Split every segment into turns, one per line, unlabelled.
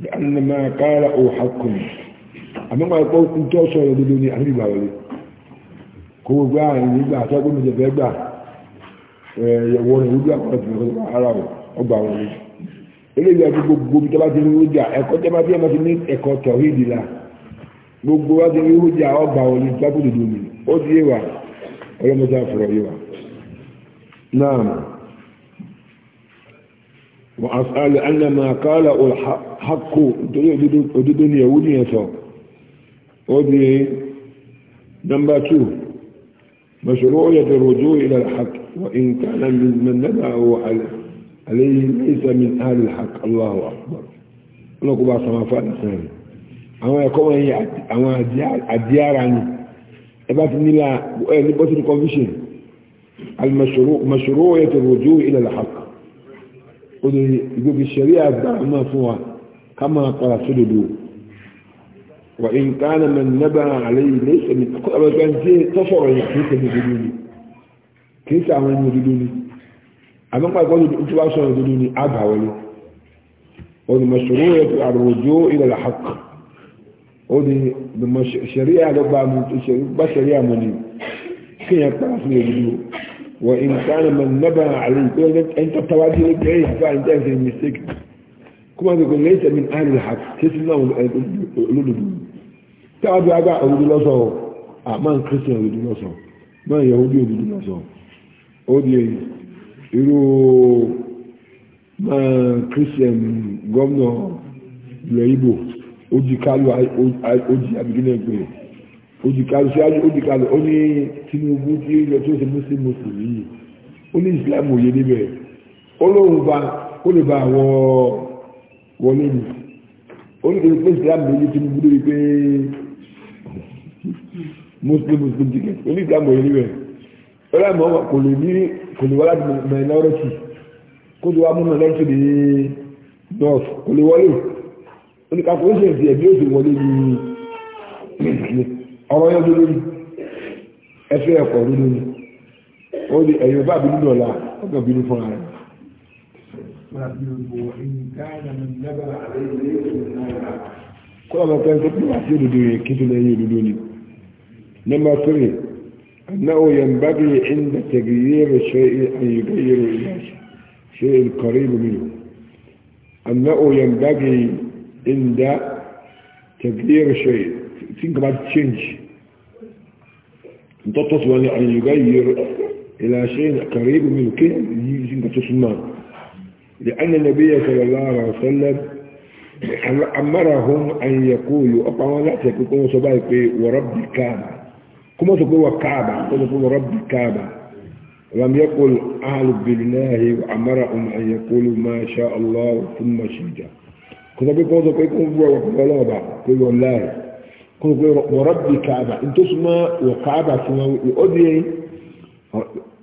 لأن ما قاله حق أما ما يقول كنت أصول بدوني كو ni eléyìí àti gbogbo bí tọ́ba ti ní ìwújà ẹ̀kọ́ tẹ́ba tí ẹ̀ma ti ní ẹ̀kọ́ tọ̀hídìí la gbogbo wa ti ní ìwújà hako nítorí òdodo ni ẹ̀wú nìyẹn sọ ó di nọmba tù mọ̀ṣọ́rọ́ ó yẹ tẹ̀rọ ojú ilẹ̀ hak wa nǹkan náà mi mẹ́nẹ́bà wọ àlẹ́yìn lẹ́sà mi àlè hak Allahu akbar ọlọ́kọ̀ bá sọmọ fún àdìsẹ́yìn àwọn ẹ̀kọ́ wọn yẹ àwọn àdìára ni ẹ bá ti nílà ẹ ní bọ́sìlì conviction al yẹ tẹ̀rọ ojú ilẹ̀ hak ó di ìgbógi ṣẹ̀rí àgbà máa fún wa كما قال سددو وإن كان من نبأ عليه ليس من أبا كان شيء تصور كيف يدلوني كيف أعمل يدلوني أما قال قال أنت بقى صور يدلوني أبها ولي والمشروعية الرجوع إلى الحق ودي بالشريعة لبا من بشريعة مني كيف تعرفني يدلوني وإن كان من نبأ عليه أنت تواجه لك إيه فأنت في المسكن kuma gbogbo lẹ́yìn tẹ̀mí àìrìn àt kéṣì náà olódodo tí a bí agbá òdodo lọ́sọ̀ àmọ́ kírísítẹ̀n man lọ́sọ̀ máa yẹ òdodo òdodo lọ́sọ̀ ó di irú máa kírísítẹ̀n gómìnà ilẹ̀ Ìgbò ó di kálù ó di àbíkínà pé ó di kálù síwájú ó di kálù ó ní Tinubu tí ó yọ tó ṣe muslim muslim yìí ó ní Islam òye níbẹ̀ ó lóun ba ó lè ba àwọn wọlé ni oníkèké pé islam lóye tí mo dúró yìí pé muslim muslim ticket oní islam wọ̀nyí níbẹ̀ ọlọ́ àmọ́ kò lè ní kò lè wọlé minority kó tó wá mú minority ní north kò lè wọlé oníkàkó ó sì ń fi ẹ̀bí ó sì wọlé ní ọ̀rọ̀ yẹn tó lórí ẹ̀fẹ́ ẹ̀kọ́ lórí ó bá bínú dọ̀la ọgbà bínú fún ara rẹ̀. kọ́lá kan tó bí wà sí òdòdó yẹn kí tó lẹ́yìn òdòdó ni nọ́mbà tírì anáwó yẹn bá bí ẹ̀ńdà tẹ̀gìyẹ̀rẹ̀ ṣe àyùgáyẹ̀rẹ̀ ìlà ṣe ìkọ̀rẹ́ ìlú mi anáwó yẹn bá bí ẹ̀ńdà tẹ̀gìyẹ̀rẹ̀ ṣe tí nǹkan bá change ntọ́tọ́sọ̀ wọn ni àyùgáyẹ̀rẹ̀ ìlà ṣe ìkọ̀rẹ́ ìlú mi kí yìí nǹkan tó súnmọ́ لأن النبي صلى الله عليه وسلم أمرهم أن يقولوا أقوى لا تكون سبايك ورب الكعبة كما تقول الكعبة كما تقول رب الكعبة لم يقل أهل بالله وأمرهم أن يقولوا ما شاء الله ثم شجع كما تقول كما تقول كل والله ورب الكعبة أنت اسمى وكعبة اسمى يؤدي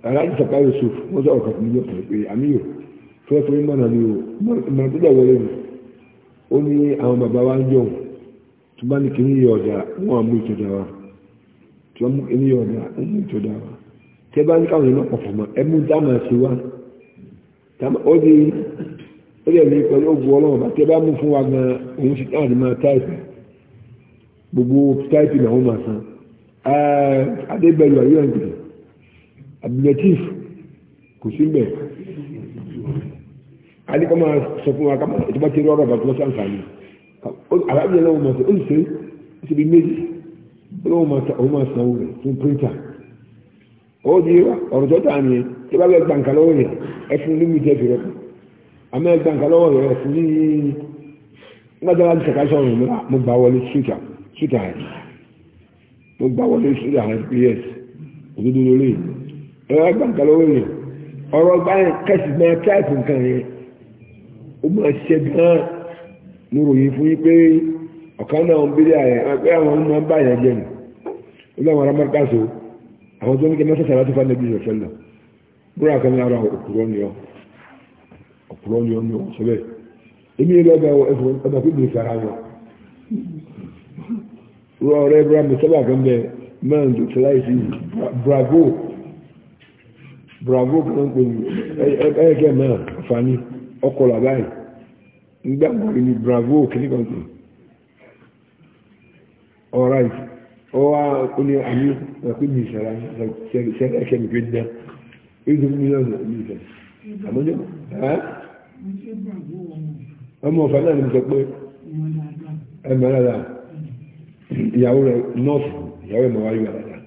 أنا أجل سبايك سوف ماذا أقول أمير fẹ́ fún ìmọ̀nà ni o ìmọ̀nà tó dẹ̀ wọlé ni ó ní àwọn bàbá wa ń jọ tó bá ní kíní yọ ọ̀dà wọn àmú ìtọ́jà wa tí wọ́n mú kíní yọ ọ̀dà wọn mú ìtọ́jà wa tẹ́ bá ní káwọn yẹn náà pọ̀fọ̀ mọ́ ẹ mú dáàmà sí wa ó di ó dẹ̀ lè pẹ̀lú ògùn ọlọ́run bá tẹ́ bá mú fún wa gan òun sì náà máa táìpì gbogbo táìpì làwọn máa san adébẹ̀lú ayé abdulatif kò sí bẹ́ẹ̀ ali kama sọ fún wa kama ìtọ́ba ti rí ọ̀rọ̀ bàtú wọ́n sàǹfààní alábìyẹn náà wọ́n máa sọ ó sì ó sì bí méjì ó máa san owó rẹ̀ fún píríntà ó di ọ̀rọ̀ tó tà ní tí bá bẹ́ẹ̀ gbàǹkà lọ́wọ́ rẹ̀ ẹ fún ní mìtẹ́ fi rẹ̀ kù àmọ́ ẹ gbàǹkà lọ́wọ́ rẹ̀ ẹ fún ní nígbàtí wọ́n ti sàkà sọ̀rọ̀ mi mo gbà wọlé ṣútà ṣútà rẹ̀ mo gbà wọlé ṣútà rẹ̀ ps òdodo lórí ẹ gbàǹkà lọ́wọ́ rẹ̀ ọ̀rọ̀ báyìí kẹ́sì náà táìpù nǹkan yẹn ó máa ṣe gan mo ròyìn fún yín pé ọ̀kan náà ń bílẹ̀ àyẹ̀ ẹgbẹ́ àwọn ọmọ ń bá àyẹ̀ jẹ́ nù ó láwọn ará márkàṣó àwọn tó ń kí mẹ́sàsà láti fà níbi ìṣẹ̀fẹ́ lọ búra kan lára òkúrọ́ ni ọ òkúrọ́ ni ọ ni ọ sọ bẹ́ẹ̀ èmi ló bẹ ẹfọn ọba kó gbèsè wọn rọ ọ̀rẹ́ bra mi sábà kan bẹ mẹ́rin tó tẹ́lá ìsì bravo bravo kan pè mí ẹ ẹ kẹ́ mẹ́rin ọ̀fà ọkọlọ àbáyé nígbàgbọ́ ìní bravo kìnnìkan kan alright ó wá ní àmì ìṣẹ̀lẹ̀ àmọ́jọ́ ọmọ ọ̀fà náà ni mo sọ pé ẹ mọ̀ ìyàwó rẹ̀ nọ́ọ̀sì ìyàwó ẹ̀ wáyé wà dáadáa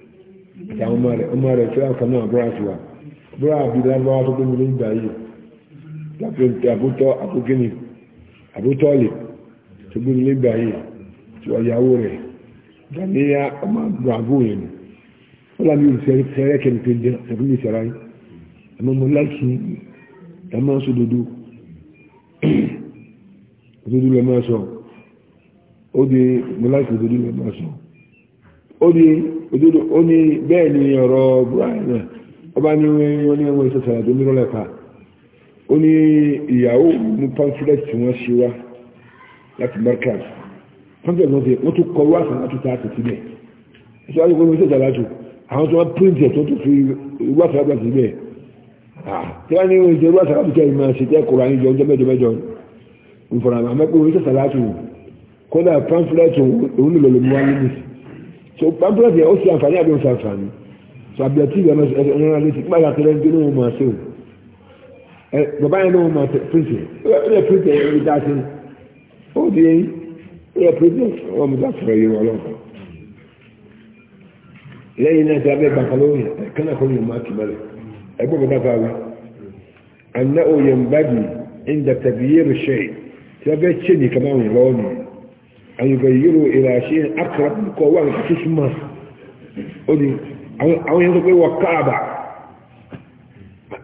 àti àwọn ọmọ rẹ̀ àbútọ́ àbúkíní àbútọ́ọ̀lì tó gbé nílé gbà yìí tí ọ̀yàwó rẹ̀ dàníyà ọmọ àbúrò yẹn nù ó làbí ìṣẹ́rẹ́ fẹ́rẹ́ kẹ́ni pé jẹ́ ẹ̀kú ní ìṣẹ́ra yìí ẹ̀mọ́ mo láìsí ẹ̀mọ́ sọ dodo dodo lẹ́ máa sọ ó di mo láìsí dodo lẹ́ máa sọ ó di òdodo ó ní bẹ́ẹ̀ ni ọ̀rọ̀ brian ọba ní wọ́n ní ẹ̀wọ̀n ìṣẹ̀ṣẹ̀ àdó mírọ́lẹ́ka ó ní ìyàwó mú pamphlet wọn ṣe wá láti mercaz pamphlet wọn ṣe wọ́n tún kọ wá sàn láti tààtì síbẹ̀ ṣé wàá yọkọ ní ṣèjà lájò àwọn tó wá print ẹ̀ tó tún fi wá sàn láti síbẹ̀ tí wọ́n ní wọ́n ṣe wá sàn láti kẹ́ ìmọ̀ ṣe tẹ́ kọ̀ọ̀rọ̀ àyíjọ ọjọ́ mẹ́jọ mẹ́jọ ìfọ̀rọ̀ àmọ́ pé wọ́n ṣèjà lájò bàbá yẹn lóun máa pèsè ó yẹ pèsè ẹni dá sí ó di ẹyin ó yẹ pèsè wọn mú dáfọ̀rọ̀ yìí wọn lọ́kọ̀ lẹ́yìn náà tí a bẹ bàbá lóun yẹn kánà kọ́ ni mo máa tì mọ́lẹ̀ ẹgbẹ́ bàbá bá wa àná òye ń ń dàtà bí yé rẹ̀ tí a bẹ ṣe ní kama wọn lọ́wọ́ àyùbá yìírò ìràṣẹ akara kọ wà ní kí súnmọ́ ó di àwọn yẹn tó pé wọ káàbà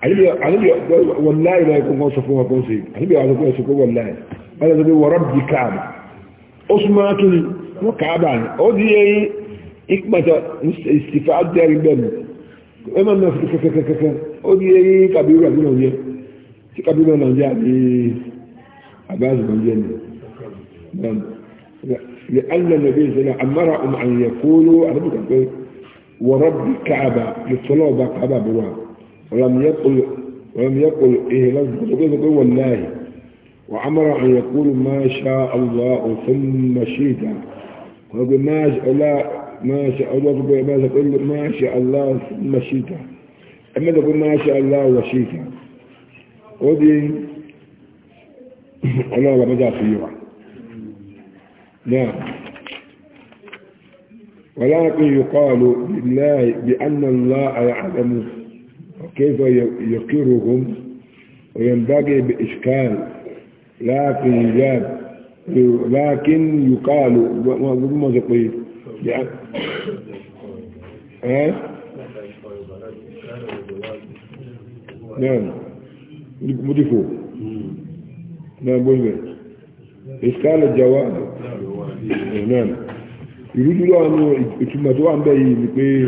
wàláyé láyé kó wọ́n sọ fún wa kó sí àníbi àwọn akókò ẹ̀sọ́ kó wàláyé wọ́n sọ pé wọ́rọ̀ bí káàbà ó súnmọ́ kí ni wọ́n káàbà ni ó di yẹ ìpàtà ìsìfà àjẹrí bẹ́ẹ̀ ni di yẹ kàbírù àbí náà yẹ tí kàbírù náà yẹ àbí àbáàzù náà yẹ ni لأن النبي صلى الله عليه وسلم أمرهم أن يقولوا أنا بقول ورب الكعبة للصلاة بقى بروها ولم يقل ولم يقل إيه إهلاك والله وأمر أن يقول ما شاء الله ثم شيدا ويقول ما شاء الله ما شاء الله ما ما شاء الله ثم شيدا أما تقول ما شاء الله وشيدا ودي الله لا بدا خيرا نعم ولكن يقال بالله بأن الله يعلم كيف يقرهم وينبغي بإشكال لا إيجاب لكن يقال ما تقول يعني- نعم مضيفه نعم بوزن إشكال الجواب نعم يريد أن أنه إتمتوا عن بيه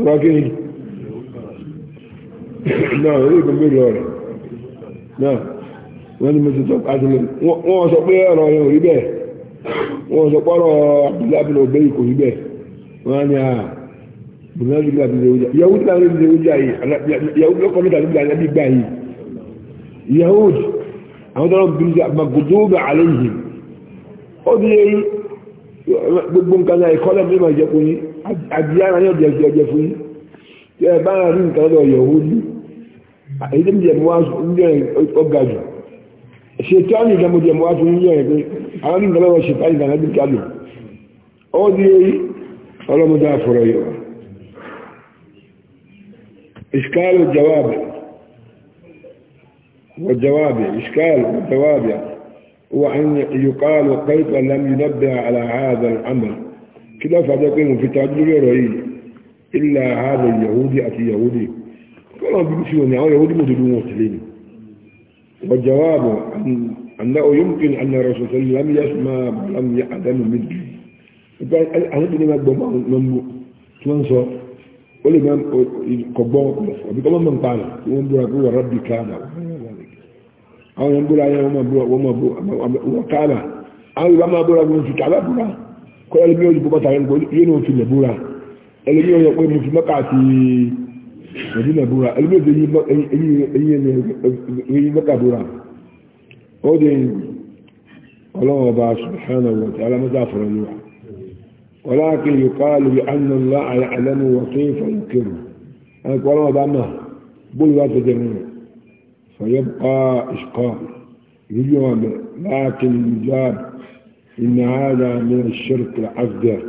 ọ̀rọ̀ kí ni náà orí ìgbẹ́gbẹ́ lọ rẹ̀ náà wọ́n ni mo ti tọ́ àti mi wọ́n sọ pé ọ̀rọ̀ yẹn ò rí bẹ́ẹ̀ wọ́n sọ pé ọ̀rọ̀ abúlábìlẹ̀ òbẹ́ yìí kò rí bẹ́ẹ̀ wọ́n á ní à bùnádìgbà bìlẹ̀ òjà yahoo tí wọ́n bìlẹ̀ òjà yìí yahoo lọ́kọ̀ bí gbà gbogbo nǹkan náà ìkọ́lẹ̀ mi máa yìí àjíyára ní ọ̀dẹ̀ ọ̀jẹ̀ fún yí tí ẹ bá rí nǹkan lọ́dọ̀ yọ̀wó ní èyí tó ń jẹ̀ mọ́ ọgá jù ṣètọ́nì ìjọ mo jẹ̀ mọ́ fún yí yẹn pé وجوابه إشكال وجوابه هو أن يقال كيف لم ينبه على هذا الأمر kí ló fàájọ́ pé mo fi ta lórí ọ̀rọ̀ yìí ilà ààrẹ yahudi àti yahudi kọ́nà bí fi wọn ni àwọn yahudi mọ̀tò lóun ọ̀tẹ̀lẹ̀ ni wọ́n jawaabu anna oyomkin anna rasulillah lam yasma lam ya adamu midi nípa àwọn tó ní ma gbọ́ máa ń mú tí wọ́n sọ ó lè máa kọ̀ gbọ́ ọ̀bí kọ́ máa ń pa àná tí wọ́n búra pé wọ́n rábì káàmà àwọn yẹn búra yẹn wọ́n máa búra wọ́n máa búra wọ́n káàmà àwọn yorùbá máa búra wọ́n fi kàlá búra kọ́ ẹlẹ́mí ó dìbò bàtà yẹn ló fi lẹ̀ búra ẹlẹ́mí ó yẹ pé mo fi mẹ́kà àti ẹ̀dínlẹ̀ búra ẹlẹ́mí ó fi eyín mẹ́kà búra ó dé ọlọ́wọ́ bá subhanahu wa ta'ala mẹ́ta fọ̀rọ̀ yìí wa ولكن يقال بأن الله يعلم وكيف ينكره أنا قال ما بعمل بول واتجمعنا فيبقى إشقاء يجوا لكن يجاب إن هذا من الشرك الأصغر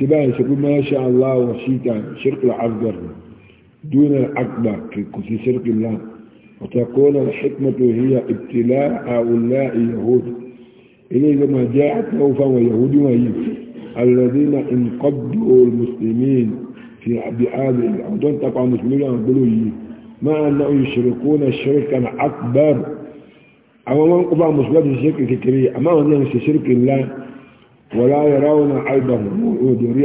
سباحة يقول ما شاء الله وشيتا شرك الأصغر دون الأكبر في شرك الله وتكون الحكمة هي ابتلاء هؤلاء اليهود إلي ما جاءت نوفا ويهود ويهود الذين انقضوا المسلمين في بهذه الأوطان تقع المسلمين يقولوا مع أنهم يشركون شركا أكبر àwọn wọn kó bá mùsùlùmí ṣirki kékeré àmọ́ àwọn náà ṣe ṣirki ńlá wọlá yọrọ wọn àìbà òdò rí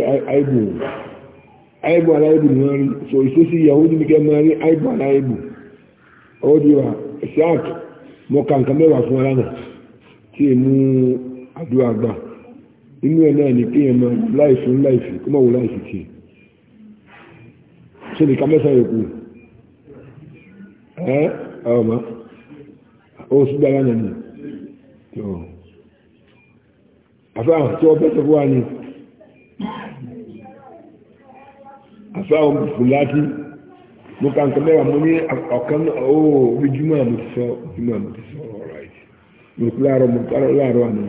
àìbò àìbò ni wọn rí so ìṣesí yahudi ní kẹmẹ rí àìbò aláìbò ó wa isaac mo kà nǹkan mẹ́wàá fún ti mu tí è inu àdúrà náà ní kí láìsí láìsí wò láìsí ṣe nìkan án yòókù ó ni, gbára nàní tó àfáà tó ọbẹ̀ tó wà ní àfáà fúláàtì mo kà nǹkan mẹ́wàá mo ní ọ̀kan ó ojúmọ́ àmì sọ ojúmọ́ àmì ti sọ ọ̀ráìtì mo kú láàárọ̀ mo kú láàárọ̀ àná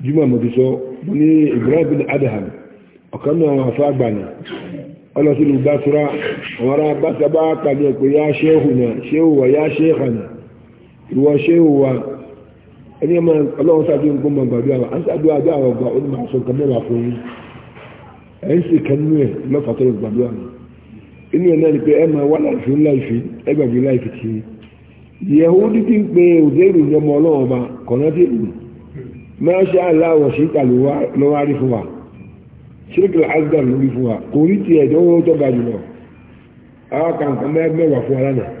ojúmọ́ àmì ti sọ mo ní Ibrahim bin Adham ọ̀kan náà wọn àfáà gbà ní ọlọ́sílù bá tura àwọn ará bá sábà pàdé ẹ̀kọ́ yá ṣéhùnà ṣéhùwà yá ṣéhànà ruwa shehuwa o wa ẹni ọmọ ọlọ́run sábẹ́ ń gbọ́mọ gbàdúrà wa àṣàdúrà àdúrà wọ̀ gbà ó ní màá sọ nǹkan mẹ́wàá fún yín ẹ̀ ń ni pé ẹ máa wá laifi láìfi ẹ gbàgbé pe ọba kọ̀nà tí èlù máa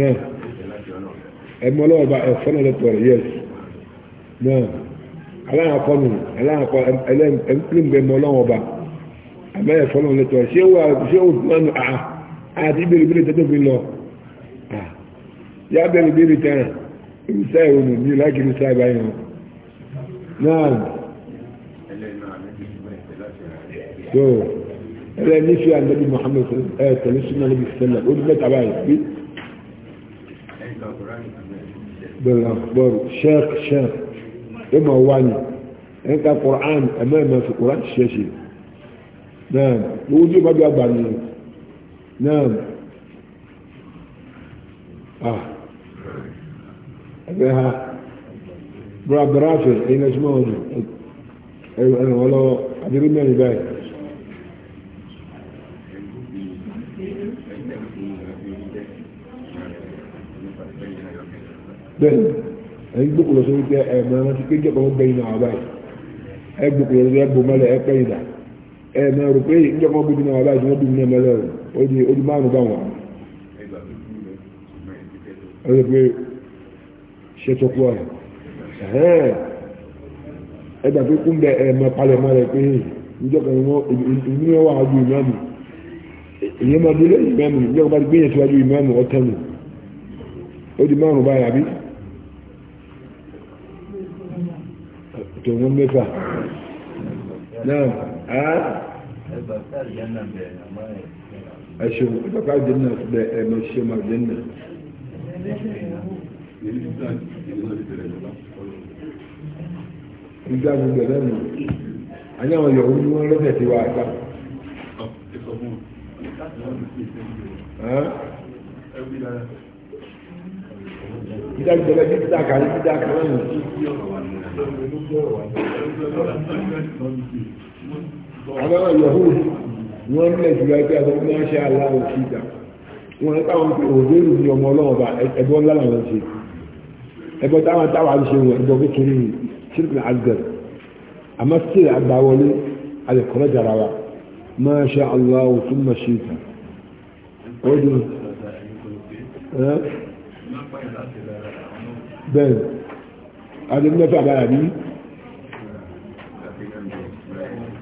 náà ẹ̀mọ́ lọ́wọ́ bá ẹ̀fọ́ náà lọ́tọ̀ rẹ̀ yẹ́sì náà aláǹkọ́ nù aláǹkọ́ ẹ̀ńpìlìmgbẹ̀ ẹ̀mọ́ lọ́wọ́ bá àmọ́ ẹ̀fọ́ náà lọ́tọ̀ rẹ̀ ṣé wà ṣé wò fún ẹnu àá àti ìbéèrè ìbéèrè tẹ́tọ́ fi lọ yá bẹ̀rẹ̀ ìbéèrè tán ìrìsá ìwọ̀n mi láì kiri sáà báyìí
náà so ẹlẹ́ni
fi ànábi Muhammad ẹ̀ tẹ̀lé sunan níbi sẹ́lẹ̀ ó ní mẹ́ta báyìí bẹ́ẹ̀ akpọ́rù sheikh sheikh ẹ ma wá quran ẹ mẹ́rin ma fi quran ṣe ṣe náà owó tí o bá bí agbà ní náà ah ẹgbẹ́ ha bùrọ̀ abẹ́rẹ́ àfẹ́ ẹ̀yin ẹ̀ṣin mọ́ ọ̀dọ̀ ẹ̀rọ ọlọ́wọ́ adérímẹ́rin báyìí. bẹ́ẹ̀ni ẹ̀yin gbókò lọ sórí pé ẹ̀mọ na ti kéjọ kan gbẹ̀yìn náà báyìí ẹ gbókò lọ sórí ẹgbò mọ́lẹ̀ ẹ pẹ́yìn dà ẹ̀mọ ẹrù pé ìjọ kan gbókò náà báyìí wọ́n dùn ní ẹ̀mọ ẹlẹ́rù ó di ó di márùn bá wọn. ẹ lè pe ṣètò kú ọ̀rọ̀ ẹgbà pé kún bẹ ẹ̀mọ palẹ̀mọ́ rẹ̀ ju tòun mẹ́fà náà a ṣeun bàbá àjẹ́nà bẹ ẹ̀mọ ṣe máa jẹ́nà nígbà gbogbo ẹ̀rọ nù a ní àwọn yòówù ni wọ́n lọ́fẹ̀ẹ́ ti wá àgbà.
Ìdájọ́ bẹ́ẹ̀ bí dídá kan àwọn yahoo
wọ́n ń lẹ̀ jùlọ ẹgbẹ́ àti wọ́n ṣe aláwọ̀ sí ìdá wọ́n ń táwọn pé òbéèrè ní ọmọ ọlọ́wọ́ bá ẹgbọ́ ńlá làwọn ṣe ẹgbọ́ táwọn táwọn ṣe wọn ẹgbọ́ kékeré ní sílùkùn àgbẹ̀rẹ̀ àmọ́ sí àgbàwọlé alẹ́kọ̀ọ́ jara wa máa ṣe aláwọ̀ tó mọ̀ ṣe ìta ó bẹ́ẹ̀ àti mẹ́fà bára ní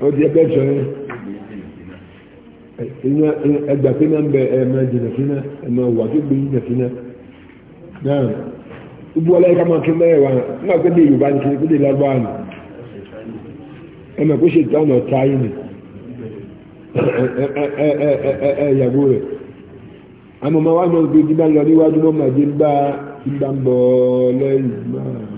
ó di ẹgbẹ́ jọ
ẹgbà pé náà ń bẹ ẹ̀mọ jìnà sí náà ẹ̀mọ wà tó gbé jìnà sí náà náà gbogbo ọlá ẹ̀ka máa kí mẹ́wàá nígbà pé ní Yorùbá ní kí ní lágbára nù ẹ̀mọ kó ṣe ìtàn ọ̀tá yìí nì ẹ̀yàwó rẹ̀ àmọ́ máa wá lọ gbé jìnà lọ níwájú mọ́ màdé ń lẹ́yìn máa.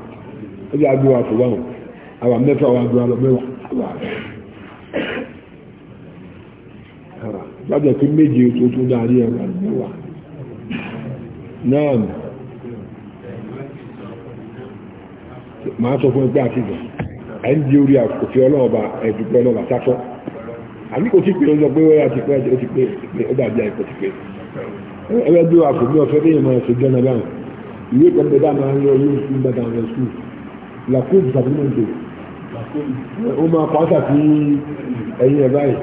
ẹbí agbó wa tó wáwọ̀ àwọn mẹ́fà wa gbọ́ lọ mẹ́wàá gbájẹ̀ pé méje tó tún dáadé ẹ̀rọ mẹ́wàá náà máa sọ fún ẹgbẹ́ àtìgbà ẹ̀ ń di orí àkòfin ọlọ́ọ̀bà ẹ̀dùgbẹ́ ọlọ́ọ̀bà sátọ́ àbí pé ọjọ́ pé wọ́n ti pé ọjọ́ ti pé ọjọ́ àbí àìkò ti pé ẹgbẹ́ bí wà fún mi ọ̀fẹ́ bí ìmọ̀ ẹ̀sìn jọ́nà báwọn ìwé kan bẹ́ẹ̀ dáa máa ń yọ yóò fún làkóòbù tàbí mọ̀ndé ó máa pàtà sí ẹ̀yìn ẹ̀ báyìí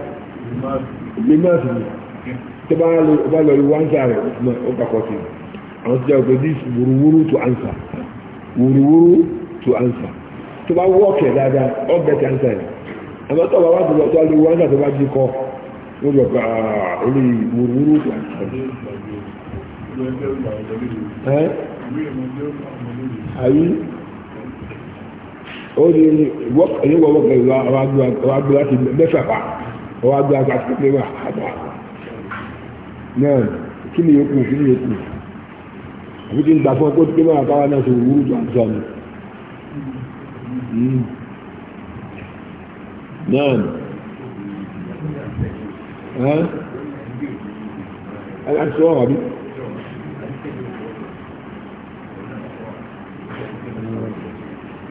ìgbé náà sì ni tó bá lọ rí wáńsà rẹ̀ ó kàkọ́ sí àwọn tó jẹ́ pé this wúruwúru to answer wúruwúru to answer tó bá o dáadáa all best answer yẹn àmọ́ tó bá wà tó lọ tó lọ rí wáńsà tó bá jí kọ́ ó lọ bá olè wúruwúru to answer. Ayi ó di ìwọ́wọ́ kan ìwà àwàgbé láti mẹ́fà pa àwàgbé àti mẹ́fà àbá náà kí ni yókù kí ni yókù àbí kí n gbà fún ọ pé kí máa bá wa náà ṣe wúrú tó àti sọnù
náà ẹ́ àti sọ́wọ́ àbí.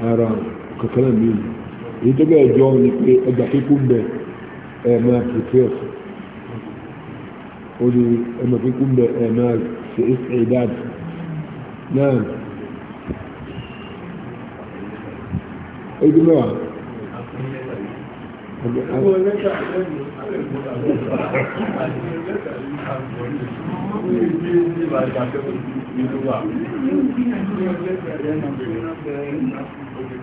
Aram kankan
náà mi èyí tó bẹ́ẹ̀ jọ ni pé ọjà kíkú ń bẹ ẹ máa prepare ó ní ọjà kíkú ń bẹ ẹ máa ṣe ìdáàbò náà ojú mẹ́wàá. Thank you.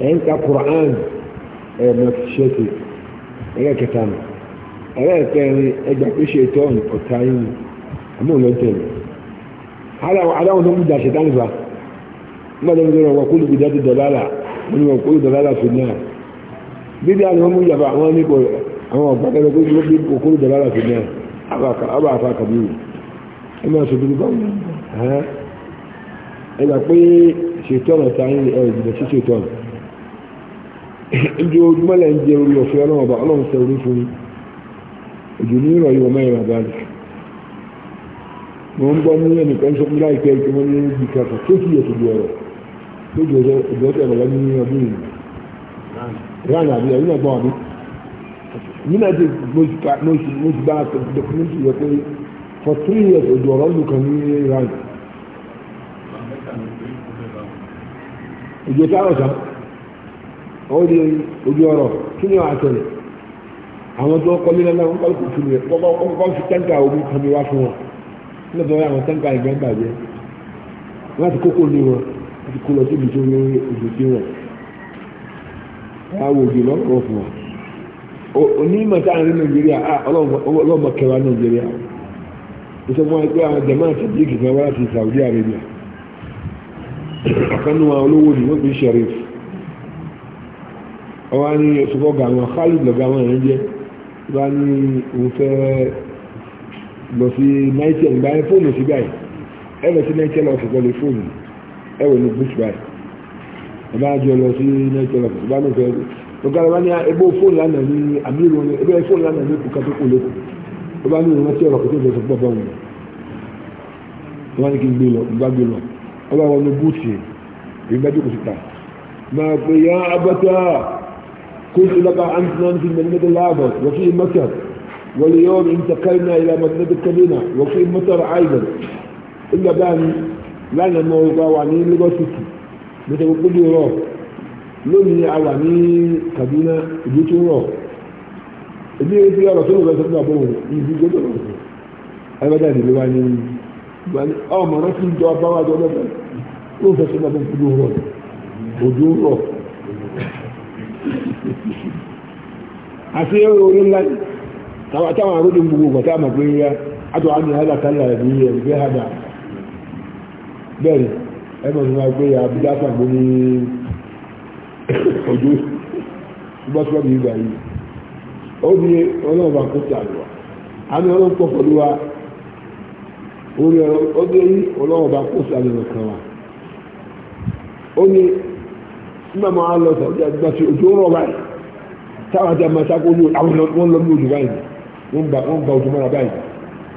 ẹ̀yìn ka Qur'an ẹ̀ mẹ́fìṣẹ́tì ẹ̀yẹ kẹta nù ẹ̀yẹ kẹrin ẹgbẹ́ pèsè tọ́ọ̀nù ọ̀tá yìí àmọ́ òun ló ń tẹ̀lé aláwọn tó ń gbìjà ṣe dáhùn fa nígbà tó ń sọ̀rọ̀ wọ́n kúlù gbìjà ti dọ̀lára wọ́n ni wọ́n kúlù dọ̀lára fi náà bíbí àwọn ọmọ ìjàmbá àwọn nípò àwọn ọ̀gbọ́n tó ń kúlù dọ̀lára fi náà àbá àfa kàbíyì ẹ máa sọ bíbí báwọn ẹ gbà pé ṣètọ́nù táyé ẹ̀ ìjìnlẹ̀ ìjọ ojúmọ́ lẹ́ ń jẹ orí ọba ọlọ́run sẹ orí fún òjò ní ìrọ̀ ìwọ̀n mẹ́rin ọba mo ń gbọ́ ní ẹnìkan sọ fún láìpẹ́ tí wọ́n ní ibi kàkà tó sì yẹtù ju ọ̀rọ̀ tó ju ọjọ́ tẹ̀ bàbá ní ọdún yìí rán àbí ẹ̀yìn náà gbọ́n àbí nínú àti yẹ pé for three years ojú ọ̀rọ̀ ọdún kan ní orí ojú ọ̀rọ̀ kí ni wàá tẹ̀lé àwọn tó kọ́ lílẹ̀ náà wọ́n kọ́ kò tún lè kọ́kọ́ fi tẹ́ǹkà omi kàmi wá fún wọn nígbà tó koko tẹ́ǹkà ìgbẹ́ gbàgbé wọ́n ti kókó ní wọn àti kó lọ síbi tó ní ojú wọn àwọn òjò lọ́kọ̀ọ́ fún wọn onímọ̀ tá à rí nàìjíríà ọlọ́mọ kẹwàá nàìjíríà pé àwọn jama kan wá láti Saudi Arabia olówó ni fi ọwọ́ ní ọ̀ṣọ́gbọ́ ga àwọn Khalid lọ́gá àwọn jẹ́ ní òun fẹ́ lọ sí nigeria nígbà yẹn fóònù sí báyìí ẹ lọ sí nigeria lọ́ọ̀fù pẹ̀lú fóònù ẹ wọ̀ ní bush lọ sí fẹ́ كنت لقى عن سنان في مدينة الأبد وفي مطر واليوم انتقلنا إلى مدينة الكبينة وفي مطر أيضا إلا بان لا نمو قواني لغوثيكي مثل قد يروح لني عواني كبينة جيت يروح إذن يا رسول الله صلى الله عليه وسلم يجب أن يكون أنا بداني لواني لواني أو ما رسل جواب بواد ولا بان روح صلى الله عليه وسلم وجود روح àti ẹ̀rọ a ńlá táwọn àrùn ní gbogbo ọ̀tá àmà pé yá àtọ̀ àmì hádà kálà rẹ̀ ní ẹ̀rù pé hádà bẹ́ẹ̀ ẹ̀mọ̀ ní wọ́n pé àbújá sàgbó ní ojú bọ́sọ́ọ̀bù ìgbà yìí ó ní ọlọ́ọ̀bà nígbà máa lọ sàbí àgbà sí òjò rọ̀ báyìí táwọn àti àmà sáko ní àwọn wọn lọ ní òjò báyìí wọn gba òjò mọ́ra báyìí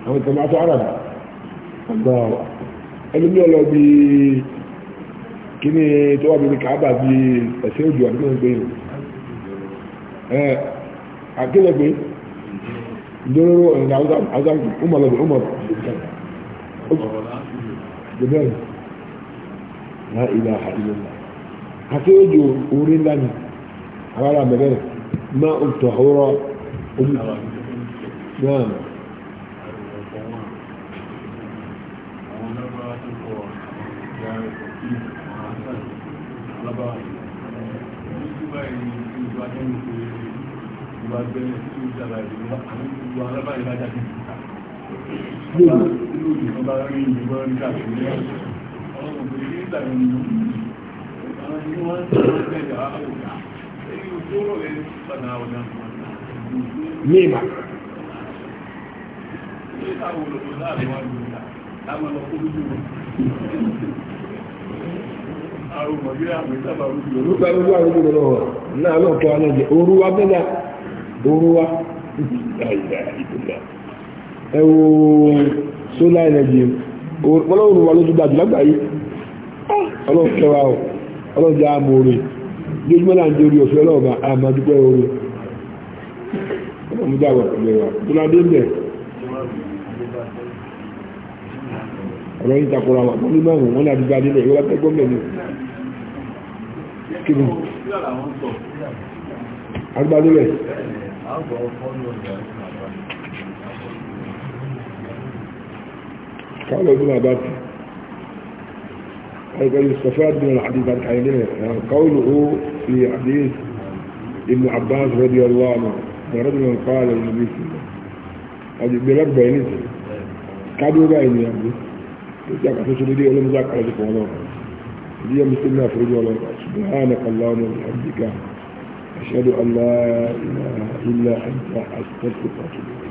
àwọn ìtàn máa tó ara bá àgbà ẹni bí ọlọ bí kíní tó wà bíbi kàábà bí ẹsẹ òjò àbí wọn gbé yìí ẹ àkílẹ̀ pé ìdóró ẹ̀ka àwọn ọmọ lọ́dọ̀ ọmọ lọ́dọ̀ la ilaha illallah هكيجي وقولين لنا حرارة مجانا ماء طهورة نعم
لا بد من أن يكون هناك me ba Olúkà lórí àwọn ọmọdé
náà lọ́ tọ́ alẹ́ jẹ orúwa mẹ́lá orúwa ẹwọ solar energy ọlọ́run wà lójú dájú lágbàáyé ọlọ́run kẹwàá ọ̀. ọlọ́jà amóore lójúmọ́ náà ń di orí ọ̀fẹ́ ọlọ́ọ̀gá àmàdúpẹ́ orí ọmọdé àwọn ọ̀pẹ̀lẹ̀ wa tó náà dé bẹ̀ ọ̀rọ̀ yìí takora wa wọ́n ní márùn-ún wọ́n náà dúgbà nílẹ̀ ìwọ́n lápẹ́ يستفاد من الحديث عن حيالنا يعني قوله في حديث ابن عباس رضي الله عنه رجل قال للنبي صلى الله عليه وسلم بلاد بينيته كادوا بيني يا ابني يجاك أسوشي لدي ولا مزاك على ذكر الله دي مسلمنا فرج الله سبحانك اللهم وبحمدك
أشهد أن لا إله إلا أنت أستغفرك وأتوب إليك